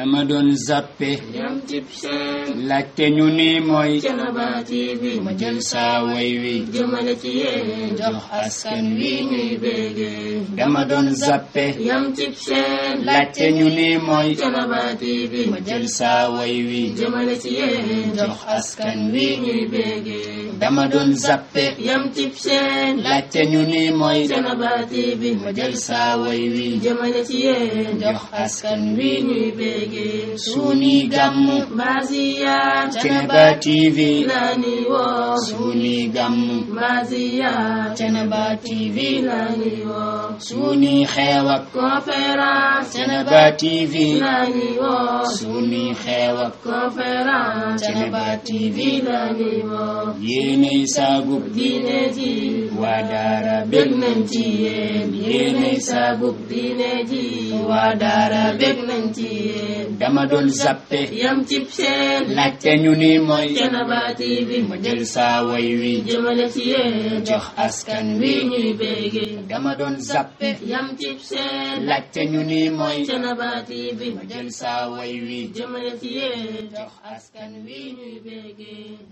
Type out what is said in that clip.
dama doon zappe laajte ñu ni mooy mu jël saa way wi jëmale ci yéen jox askan wi ñuy bége dama doon zappe laajte ñu ni mooy mu jël saa way wi jëmale ci yéen jox askan wi ñuy bége dama doon zappe yam cib seen laajte ñu ni mooy Thiénaba TV ma jël saaway wi jëmale ci yéen jox askan wi ñuy béggee suuni gàmm maasiya Thiénaba TV la ni suuni gàmm maasiya Thiénaba TV la ni yéenay saagub diine ji waa daara bég nañ ci dama doon zappe yam cib seen laajte ñu ni mooy Thiénaba TV ma wi jëmale ci jox askan wi ñuy bége dama doon zappe wi jëmale ci